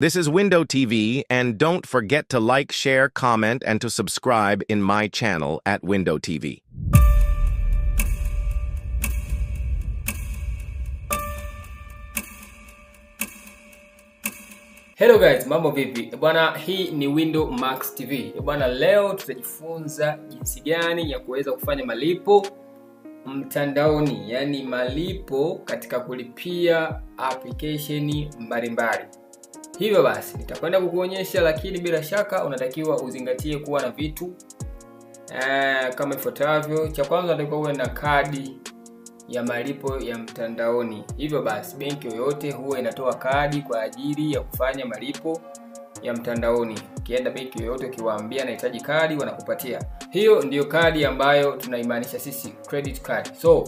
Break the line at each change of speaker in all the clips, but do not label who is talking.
This is Window TV, and don't forget to like, share, comment, and to subscribe in my channel at Window TV.
Hello guys, mambo vipi? Bwana, hii ni Window Max TV. Bwana, leo tutajifunza jinsi gani ya kuweza kufanya malipo mtandaoni, yani malipo katika kulipia application mbalimbali. Hivyo basi nitakwenda kukuonyesha, lakini bila shaka unatakiwa uzingatie kuwa na vitu eh, kama ifuatavyo. Cha kwanza unatakiwa uwe na kadi ya malipo ya mtandaoni. Hivyo basi benki yoyote huwa inatoa kadi kwa ajili ya kufanya malipo ya mtandaoni. Ukienda benki yoyote, ukiwaambia nahitaji kadi, wanakupatia hiyo. Ndiyo kadi ambayo tunaimaanisha sisi credit card. So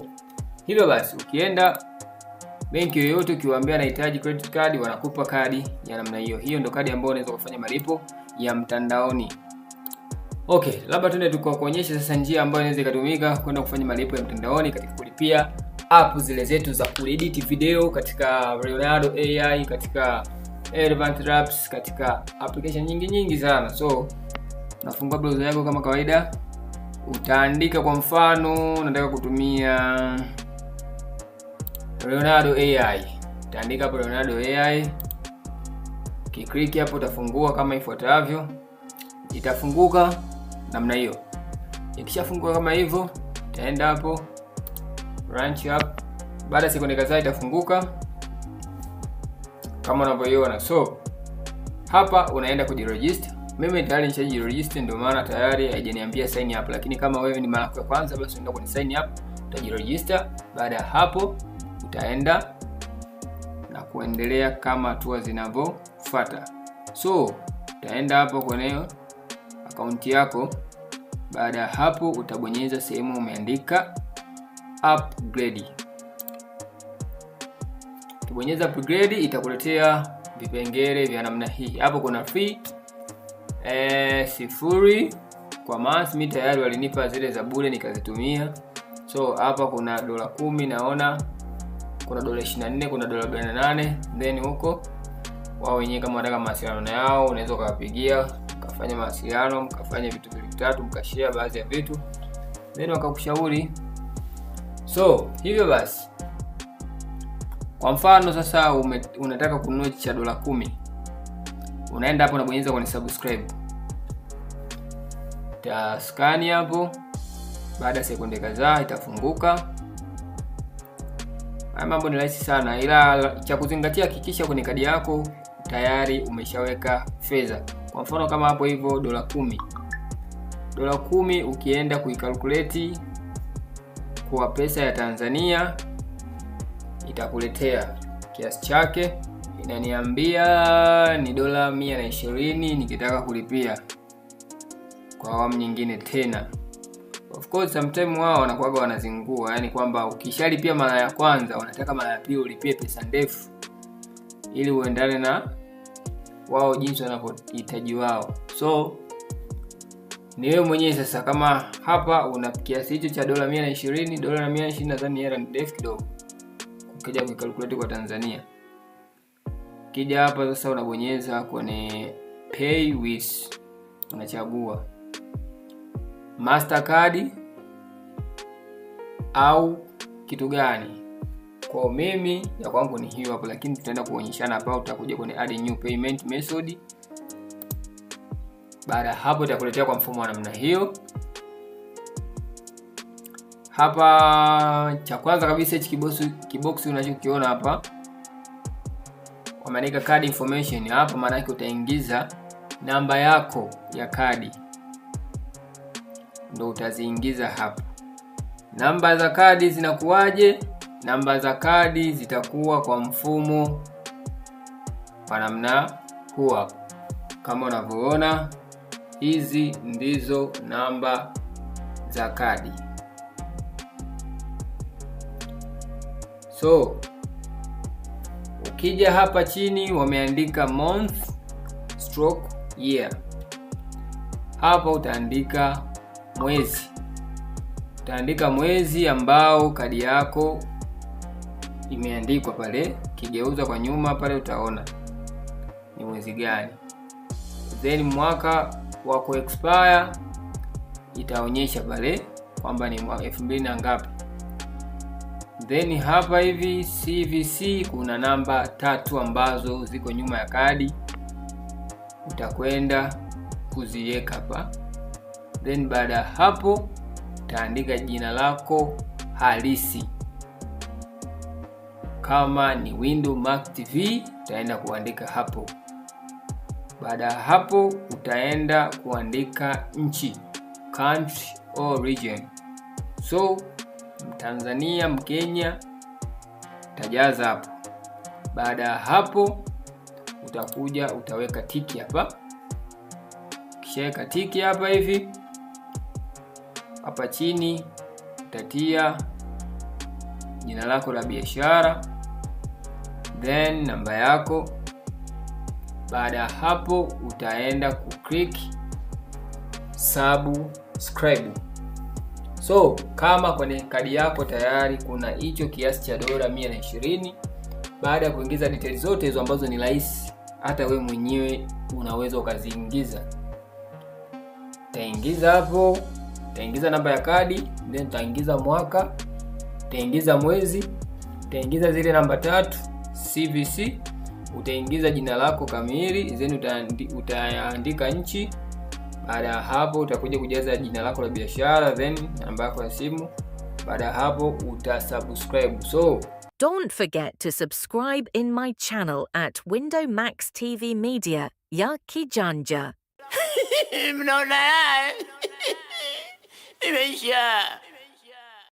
hivyo basi ukienda benki yoyote ukiwaambia anahitaji credit card wanakupa kadi ya namna hiyo. Hiyo ndio kadi ambayo unaweza kufanya malipo ya mtandaoni. Okay, labda tuende tukakuonyesha sasa njia ambayo inaweza ikatumika kwenda kufanya malipo ya mtandaoni katika kulipia app zile zetu za kuedit video katika Leonardo AI, katika Elevate Labs, katika application nyingi nyingi sana. So nafungua browser yako kama kawaida, utaandika kwa mfano nataka kutumia Leonardo AI. Utaandika hapo Leonardo AI, Kiklik hapo utafungua kama ifuatavyo, itafunguka namna hiyo. Ikishafungua kama hivyo, itaenda hapo branch up. baada ya sekunde kadhaa itafunguka kama unavyoiona. So hapa unaenda kujiregister. Mimi tayari nishajiregister, ndio maana tayari haijaniambia sign up, lakini kama wewe ni mara ya kwanza, basi unaenda kwenye sign up, utajiregister. Baada ya hapo itaenda na kuendelea kama hatua zinavyofuata. So utaenda hapo kwenye akaunti yako. Baada ya hapo, utabonyeza sehemu umeandika upgrade. Ukibonyeza upgrade, itakuletea vipengele vya namna hii. Hapo kuna free e, eh, sifuri kwa mas mi tayari walinipa zile za bure nikazitumia. So hapa kuna dola kumi naona kuna dola 24 kuna dola 48 then huko wao wenyewe kama wanataka mawasiliano yao unaweza ukawapigia ukafanya mawasiliano mkafanya vitu vitatu mkashare baadhi ya vitu then wakakushauri so hivyo basi kwa mfano sasa ume, unataka kununua cha dola kumi unaenda hapo unabonyeza kwenye subscribe taskani hapo baada ya sekunde kadhaa itafunguka mambo ni rahisi sana, ila cha kuzingatia, hakikisha kwenye kadi yako tayari umeshaweka fedha. Kwa mfano kama hapo hivyo dola kumi, dola kumi ukienda kuikalkuleti kwa pesa ya Tanzania itakuletea kiasi chake, inaniambia ni dola mia na ishirini nikitaka kulipia kwa awamu nyingine tena. Of course sometimes wao wanakuwaga wanazingua, yani kwamba ukishalipia mara ya kwanza wanataka mara ya pili ulipie pesa ndefu ili uendane na wao jinsi wanavyohitaji wao. So ni wewe mwenyewe sasa, kama hapa una kiasi hicho cha dola mia na ishirini dola mia na ishirini nadhani hela ni ndefu kidogo, ukija kuikalkulate kwa Tanzania. Ukija hapa sasa, unabonyeza kwenye pay with, unachagua Mastercard au kitu gani? Kwa mimi ya kwangu ni hiyo hapo, lakini tutaenda kuonyeshana hapa. Utakuja kwenye add new payment method. Baada ya hapo, itakuletea kwa mfumo wa namna hiyo. Hapa cha kwanza kabisa hichi kiboksi, unachokiona hapa wameandika card information hapa, maana yake utaingiza namba yako ya kadi ndo utaziingiza hapa. Namba za kadi zinakuwaje? Namba za kadi zitakuwa kwa mfumo kwa namna huwa kama unavyoona, hizi ndizo namba za kadi. So ukija hapa chini wameandika month stroke year, hapa utaandika mwezi. Utaandika mwezi ambao kadi yako imeandikwa pale, kigeuza kwa nyuma pale utaona ni mwezi gani. Then mwaka wa ku expire itaonyesha pale kwamba ni mwaka elfu mbili na ngapi. Then hapa hivi CVC kuna namba tatu ambazo ziko nyuma ya kadi utakwenda kuziweka hapa then baada ya hapo utaandika jina lako halisi. Kama ni Window Mac TV utaenda kuandika hapo. Baada ya hapo utaenda kuandika nchi, country or region. So Mtanzania, Mkenya utajaza hapo. Baada ya hapo utakuja utaweka tiki hapa, ukishaweka tiki hapa hivi hapa chini utatia jina lako la biashara then namba yako. Baada ya hapo utaenda ku click subscribe. So kama kwenye kadi yako tayari kuna hicho kiasi cha dola 120, baada ya kuingiza details zote hizo ambazo ni rahisi, hata we mwenyewe unaweza ukaziingiza, taingiza hapo nitaingiza namba ya kadi, then nitaingiza mwaka, nitaingiza mwezi, nitaingiza zile namba tatu CVC, utaingiza jina lako kamili, then utaandika nchi. Baada ya hapo, utakuja kujaza jina lako la biashara, then namba yako ya simu. Baada ya hapo, utasubscribe so Don't forget to subscribe in my channel at Window Max TV Media ya Kijanja. Mnaona 原先